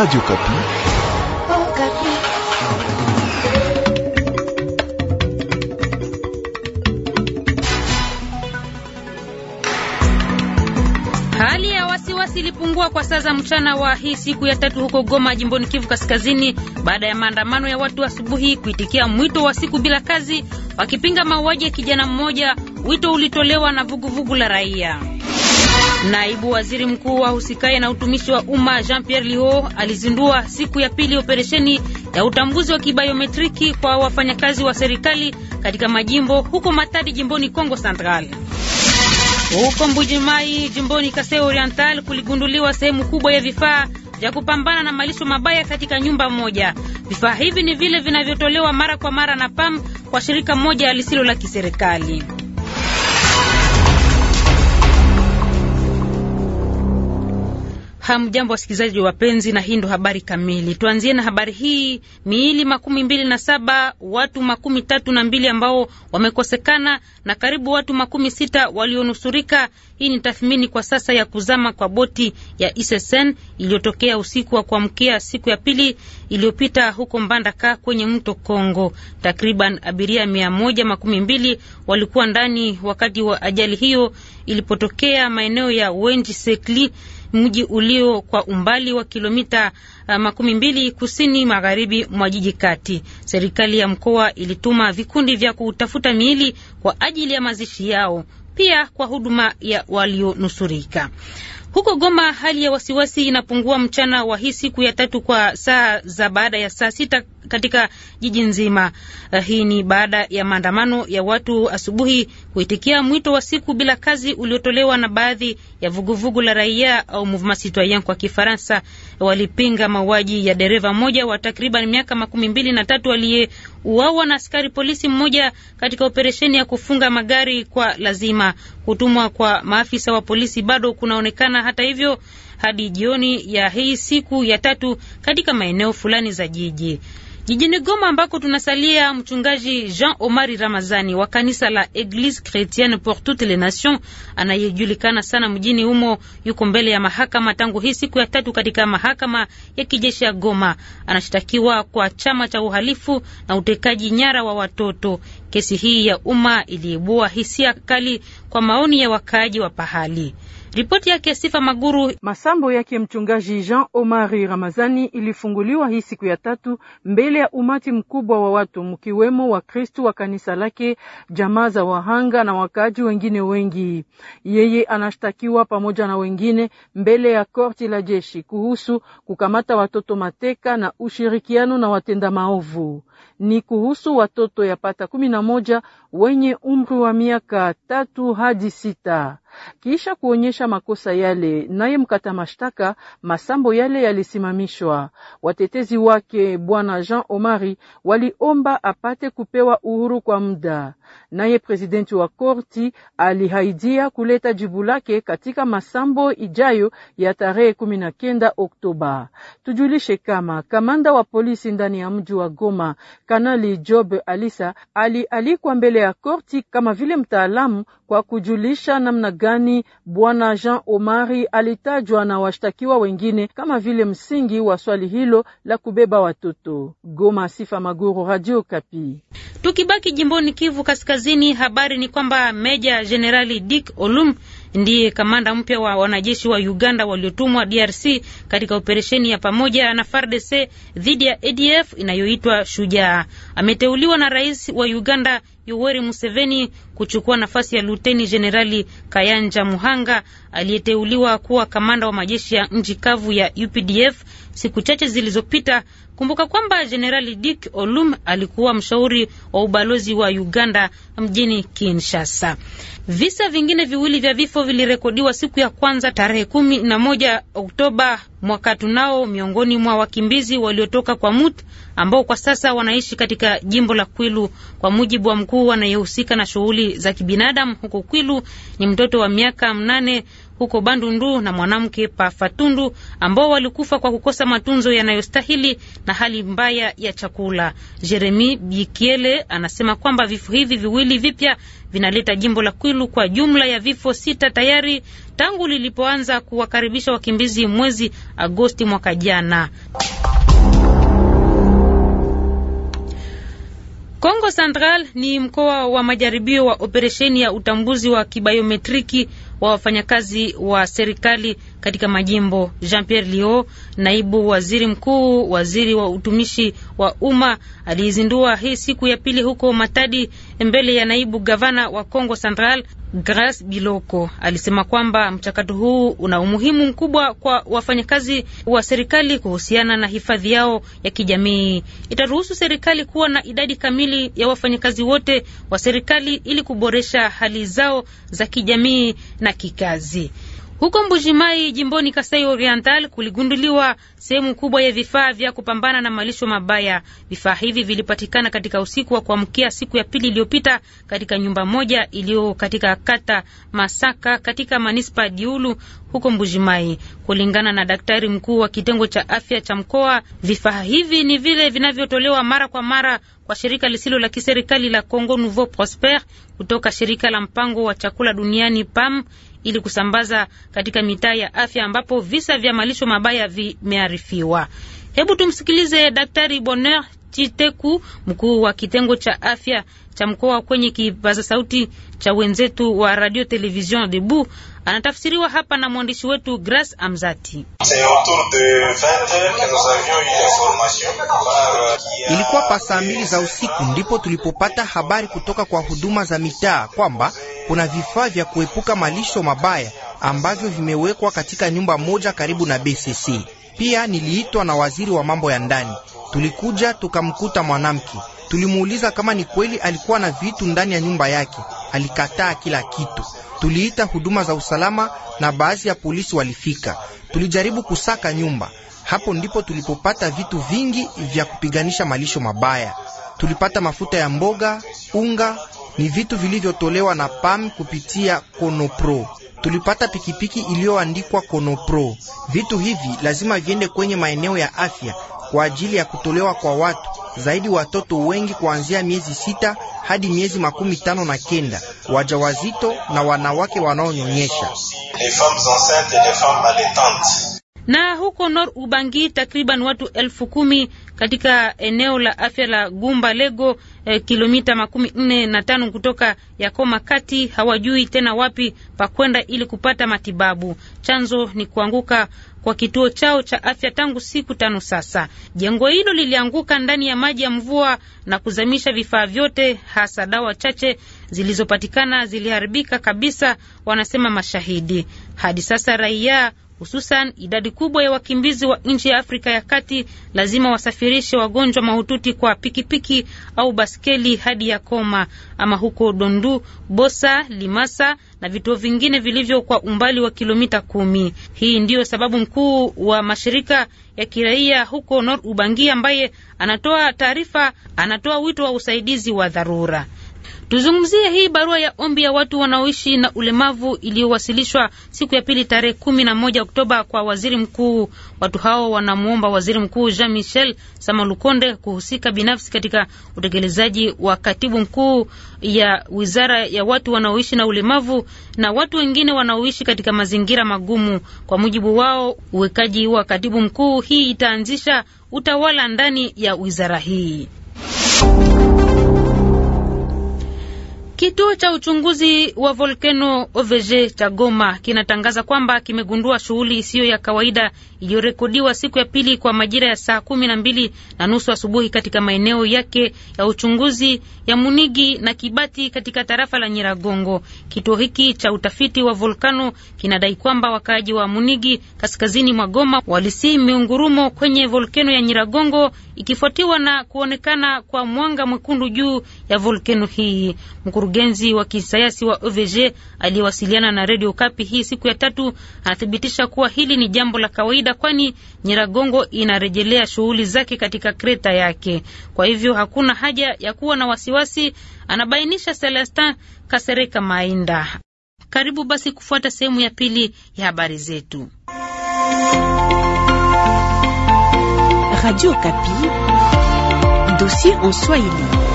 Radio Kapi. Oh, Kapi. Hali ya wasiwasi ilipungua kwa saa za mchana wa hii siku ya tatu huko Goma jimboni Kivu Kaskazini baada ya maandamano ya watu asubuhi kuitikia mwito wa siku bila kazi wakipinga mauaji ya kijana mmoja. Wito ulitolewa na vuguvugu vugu la raia. Naibu waziri mkuu wa husikaye na utumishi wa umma Jean Pierre Liho alizindua siku ya pili operesheni ya utambuzi wa kibayometriki kwa wafanyakazi wa serikali katika majimbo huko Matadi jimboni Kongo Central. Huko Mbujimai jimboni Kasai Oriental kuligunduliwa sehemu kubwa ya vifaa vya kupambana na malisho mabaya katika nyumba moja. Vifaa hivi ni vile vinavyotolewa mara kwa mara na PAM kwa shirika moja lisilo la kiserikali. Hamjambo wasikilizaji wapenzi, na hii ndo habari kamili. Tuanzie na habari hii: miili makumi mbili na saba watu makumi tatu na mbili ambao wamekosekana na karibu watu makumi sita walionusurika. Hii ni tathmini kwa sasa ya kuzama kwa boti ya SSN iliyotokea usiku wa kuamkia siku ya pili iliyopita huko Mbandaka kwenye mto Kongo. Takriban abiria mia moja makumi mbili walikuwa ndani wakati wa ajali hiyo ilipotokea maeneo ya Wenji Sekli mji ulio kwa umbali wa kilomita uh, makumi mbili kusini magharibi mwa jiji kati. Serikali ya mkoa ilituma vikundi vya kutafuta miili kwa ajili ya mazishi yao, pia kwa huduma ya walionusurika. Huko Goma hali ya wasiwasi inapungua mchana wa hii siku ya tatu kwa saa za baada ya saa sita katika jiji nzima. Eh, hii ni baada ya maandamano ya watu asubuhi kuitikia mwito wa siku bila kazi uliotolewa na baadhi ya vuguvugu la raia au Mouvement Citoyen kwa Kifaransa. Walipinga mauaji ya dereva mmoja wa takriban miaka makumi mbili na tatu aliyeuawa na askari polisi mmoja katika operesheni ya kufunga magari kwa lazima. Kutumwa kwa maafisa wa polisi bado kunaonekana hata hivyo hadi jioni ya hii siku ya tatu katika maeneo fulani za jiji. Jijini Goma ambako tunasalia, mchungaji Jean Omari Ramazani wa kanisa la Eglise Chretienne pour toutes les Nations anayejulikana sana mjini humo yuko mbele ya mahakama tangu hii siku ya tatu katika mahakama ya kijeshi ya Goma. anashitakiwa kwa chama cha uhalifu na utekaji nyara wa watoto. Kesi hii ya umma iliibua hisia kali kwa maoni ya wakaaji wa pahali. Ripoti yake Sifa Maguru. Masambo yake mchungaji Jean Omari Ramazani ilifunguliwa hii siku ya tatu mbele ya umati mkubwa wa watu mkiwemo Wakristu wa kanisa lake, jamaa za wahanga na wakaaji wengine wengi. Yeye anashtakiwa pamoja na wengine mbele ya korti la jeshi kuhusu kukamata watoto mateka na ushirikiano na watenda maovu ni kuhusu watoto yapata kumi na moja wenye umri wa miaka tatu hadi sita. Kisha kuonyesha makosa yale, naye mkata mashtaka, masambo yale yalisimamishwa. Watetezi wake bwana Jean Omari waliomba apate kupewa uhuru kwa muda, naye presidenti wa korti alihaidia kuleta jibu lake katika masambo ijayo ya tarehe kumi na kenda Oktoba. Tujulishe kama kamanda wa polisi ndani ya mji wa Goma Kanali Job Alisa alialikwa mbele ya korti kama vile mtaalamu kwa kujulisha namna gani bwana Jean Omari alitajwa na washtakiwa wengine kama vile msingi wa swali hilo la kubeba watoto. Goma, Sifa Maguru, Radio Kapi. Tukibaki jimboni Kivu Kaskazini, habari ni kwamba Meja Jenerali Dick Olum ndiye kamanda mpya wa wanajeshi wa Uganda waliotumwa DRC katika operesheni ya pamoja na FARDC dhidi ya ADF inayoitwa Shujaa. Ameteuliwa na rais wa Uganda Yoweri Museveni kuchukua nafasi ya Luteni Jenerali Kayanja Muhanga aliyeteuliwa kuwa kamanda wa majeshi ya nchi kavu ya UPDF siku chache zilizopita. Kumbuka kwamba Jenerali Dick Olum alikuwa mshauri wa ubalozi wa Uganda mjini Kinshasa. Visa vingine viwili vya vifo vilirekodiwa siku ya kwanza tarehe kumi na moja Oktoba mwaka tunao miongoni mwa wakimbizi waliotoka kwa Mut ambao kwa sasa wanaishi katika jimbo la Kwilu, kwa mujibu wa mkuu anayehusika na shughuli za kibinadamu huko Kwilu ni mtoto wa miaka mnane huko Bandundu na mwanamke Pafatundu ambao walikufa kwa kukosa matunzo yanayostahili na hali mbaya ya chakula. Jeremi Bikiele anasema kwamba vifo hivi viwili vipya vinaleta jimbo la Kwilu kwa jumla ya vifo sita tayari tangu lilipoanza kuwakaribisha wakimbizi mwezi Agosti mwaka jana. Central ni mkoa wa majaribio wa operesheni ya utambuzi wa kibayometriki wa wafanyakazi wa serikali katika majimbo. Jean Pierre Lio, naibu waziri mkuu, waziri wa utumishi wa umma, aliizindua hii siku ya pili huko Matadi mbele ya naibu gavana wa Kongo Central Grace Biloko. Alisema kwamba mchakato huu una umuhimu mkubwa kwa wafanyakazi wa serikali kuhusiana na hifadhi yao ya kijamii. Itaruhusu serikali kuwa na idadi kamili ya wafanyakazi wote wa serikali ili kuboresha hali zao za kijamii na kikazi. Huko Mbujimai jimboni Kasai Oriental kuligunduliwa sehemu kubwa ya vifaa vya kupambana na malisho mabaya. Vifaa hivi vilipatikana katika usiku wa kuamkia siku ya pili iliyopita katika nyumba moja iliyo katika kata Masaka katika manispa Diulu huko Mbujimai. Kulingana na daktari mkuu wa kitengo cha afya cha mkoa, vifaa hivi ni vile vinavyotolewa mara kwa mara kwa shirika lisilo la kiserikali la Congo Nouveau Prosper kutoka shirika la mpango wa chakula duniani PAM ili kusambaza katika mitaa ya afya ambapo visa vya malisho mabaya vimearifiwa. Hebu tumsikilize Daktari Bonheur Chiteku, mkuu wa kitengo cha afya cha mkoa kwenye kipaza sauti cha wenzetu wa Radio Television Debu anatafsiriwa hapa na mwandishi wetu Grace Amzati. Ilikuwa pa saa mbili za usiku ndipo tulipopata habari kutoka kwa huduma za mitaa kwamba kuna vifaa vya kuepuka malisho mabaya ambavyo vimewekwa katika nyumba moja karibu na BCC. Pia niliitwa na waziri wa mambo ya ndani. Tulikuja tukamkuta mwanamke, tulimuuliza kama ni kweli alikuwa hakuwa na vitu ndani ya nyumba yake, alikataa kila kitu. Tuliita huduma za usalama na baadhi ya polisi walifika. Tulijaribu kusaka nyumba, hapo ndipo tulipopata vitu vingi vya kupiganisha malisho mabaya. Tulipata mafuta ya mboga, unga, ni vitu vilivyotolewa na PAM kupitia Konopro. Tulipata pikipiki iliyoandikwa Konopro. Vitu hivi lazima viende kwenye maeneo ya afya kwa ajili ya kutolewa kwa watu zaidi watoto wengi kuanzia miezi sita hadi miezi makumi tano na kenda, wajawazito na wanawake wanaonyonyesha. Na huko Nor Ubangi takriban watu elfu kumi katika eneo la afya la Gumba Lego eh, kilomita makumi nne na tano kutoka Yakoma kati hawajui tena wapi pa kwenda ili kupata matibabu. Chanzo ni kuanguka kwa kituo chao cha afya tangu siku tano sasa. Jengo hilo lilianguka ndani ya maji ya mvua na kuzamisha vifaa vyote, hasa dawa chache zilizopatikana ziliharibika kabisa, wanasema mashahidi. Hadi sasa raia hususan idadi kubwa ya wakimbizi wa nchi ya Afrika ya Kati lazima wasafirishe wagonjwa mahututi kwa pikipiki au baskeli hadi ya koma ama huko Dondu, Bosa, Limasa na vituo vingine vilivyo kwa umbali wa kilomita kumi. Hii ndiyo sababu mkuu wa mashirika ya kiraia huko Nor Ubangi ambaye anatoa taarifa, anatoa wito wa usaidizi wa dharura. Tuzungumzie hii barua ya ombi ya watu wanaoishi na ulemavu iliyowasilishwa siku ya pili tarehe kumi na moja Oktoba kwa waziri mkuu. Watu hao wanamwomba waziri mkuu Jean Michel Samalukonde kuhusika binafsi katika utekelezaji wa katibu mkuu ya wizara ya watu wanaoishi na ulemavu na watu wengine wanaoishi katika mazingira magumu. Kwa mujibu wao, uwekaji wa katibu mkuu hii itaanzisha utawala ndani ya wizara hii. Kituo cha uchunguzi wa volkeno OVG cha Goma kinatangaza kwamba kimegundua shughuli isiyo ya kawaida iliyorekodiwa siku ya pili kwa majira ya saa kumi na mbili na nusu asubuhi katika maeneo yake ya uchunguzi ya Munigi na Kibati katika tarafa la Nyiragongo. Kituo hiki cha utafiti wa volkano kinadai kwamba wakaaji wa Munigi kaskazini mwa Goma walisii miungurumo kwenye volkeno ya Nyiragongo ikifuatiwa na kuonekana kwa mwanga mwekundu juu ya volkeno hii Mkuru mkurugenzi wa kisayansi wa OVG aliyewasiliana na redio Kapi hii siku ya tatu anathibitisha kuwa hili ni jambo la kawaida, kwani Nyiragongo inarejelea shughuli zake katika kreta yake. Kwa hivyo hakuna haja ya kuwa na wasiwasi, anabainisha Celestin Kasereka Mainda. Karibu basi kufuata sehemu ya pili ya habari zetu. Radio Kapi, dossier en Swahili.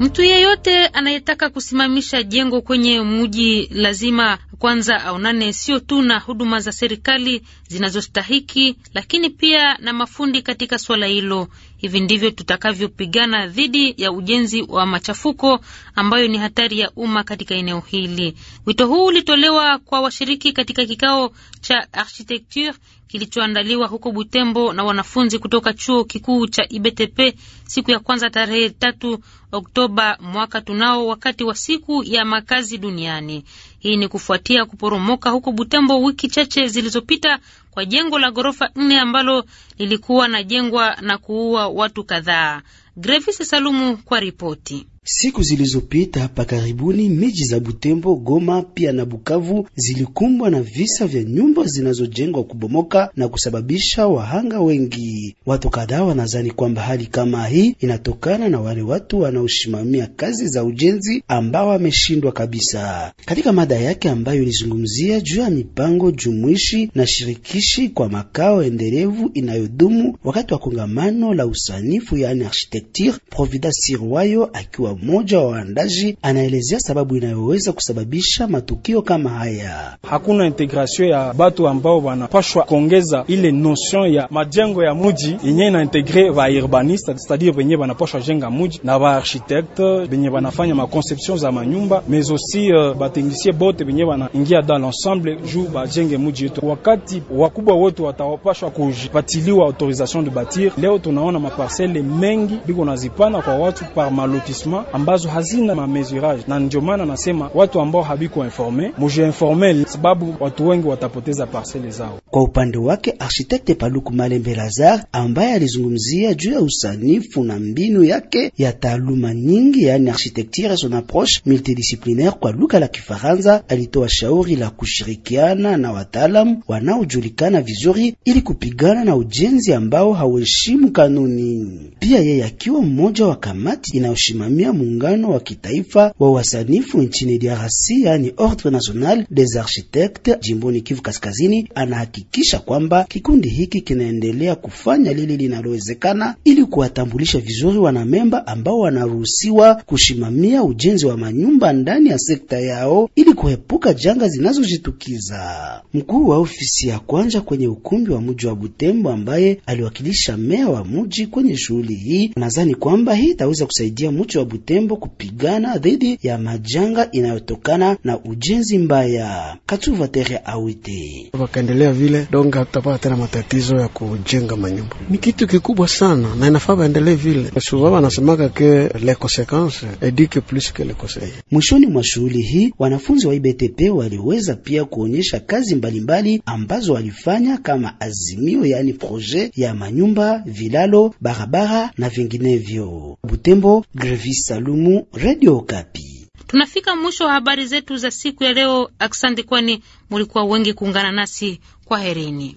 Mtu yeyote anayetaka kusimamisha jengo kwenye mji lazima kwanza aonane sio tu na huduma za serikali zinazostahiki, lakini pia na mafundi katika swala hilo. Hivi ndivyo tutakavyopigana dhidi ya ujenzi wa machafuko ambayo ni hatari ya umma katika eneo hili. Wito huu ulitolewa kwa washiriki katika kikao cha architecture kilichoandaliwa huko Butembo na wanafunzi kutoka chuo kikuu cha IBTP siku ya kwanza tarehe tatu Oktoba mwaka tunao, wakati wa siku ya makazi duniani. Hii ni kufuatia kuporomoka huko Butembo wiki chache zilizopita kwa jengo la ghorofa nne ambalo lilikuwa na jengwa na kuua watu kadhaa. Grevis Salumu kwa ripoti. Siku zilizopita hapa karibuni, miji za Butembo, Goma pia na Bukavu zilikumbwa na visa vya nyumba zinazojengwa kubomoka na kusababisha wahanga wengi. Watu kadhaa wanadhani kwamba hali kama hii inatokana na wale watu wanaoshimamia kazi za ujenzi ambao wameshindwa kabisa. Katika mada yake ambayo ilizungumzia juu ya mipango jumuishi na shirikishi kwa makao endelevu inayodumu wakati wa kongamano la usanifu, yaani architecture, Provida Sirwayo akiwa mmoja wa waandaji anaelezea sababu inayoweza kusababisha matukio kama haya. Hakuna integration ya batu ambao wanapashwa kuongeza ile notion ya majengo ya muji yenye na integre ba urbaniste, cest benye banapashwa jenga muji na ba architecte benye banafanya ma za manyumba mais aussi uh, bateknisie bote benye banaingia dans l'ensemble ju bajenge muji yetu. Wakati wakubwa wote watawapashwa kujipatiliwa autorisation de batir, leo tunaona maparcele mengi biko nazipana kwa watu par malotissement ambazo hazina mamesurage, na ndio maana nasema watu ambao habiko informe muje informe, sababu watu wengi watapoteza parcele zao. Kwa upande wake architekte Paluku Malembe Lazar ambaye alizungumzia juu ya usanifu na mbinu yake ya taaluma nyingi, yaani architecture son approche multidisciplinaire kwa lugha la Kifaransa, alitoa shauri la kushirikiana na wataalamu wanaojulikana vizuri ili kupigana na ujenzi ambao hauheshimu kanuni. Pia yeye akiwa mmoja wa kamati inayoshimamia muungano wa kitaifa wa wasanifu nchini DRC, yaani Ordre National des Architectes, jimboni Kivu Kaskazini, anahaki kuhakikisha kwamba kikundi hiki kinaendelea kufanya lile linalowezekana ili kuwatambulisha vizuri wanamemba ambao wanaruhusiwa kushimamia ujenzi wa manyumba ndani ya sekta yao ili kuepuka janga zinazojitukiza. Mkuu wa ofisi ya kwanza kwenye ukumbi wa mji wa Butembo ambaye aliwakilisha meya wa mji kwenye shughuli hii, nadhani kwamba hii itaweza kusaidia mji wa Butembo kupigana dhidi ya majanga inayotokana na ujenzi mbaya. Katuva Tere Awite wakaendelea vile vile donga tutapata tena matatizo ya kujenga manyumba. Ni kitu kikubwa sana na inafaa baendelee vile. Souvent wanasemaka ke les consequences eduque plus que les conseils. Mwishoni mwa shughuli hii wanafunzi wa IBTP waliweza pia kuonyesha kazi mbalimbali mbali ambazo walifanya kama azimio, yaani projet ya manyumba, vilalo, barabara na vinginevyo. Butembo, Grevis Salumu, Radio Kapi. Tunafika mwisho wa habari zetu za siku ya leo. Asante kwani mulikuwa wengi kuungana nasi. Kwaherini.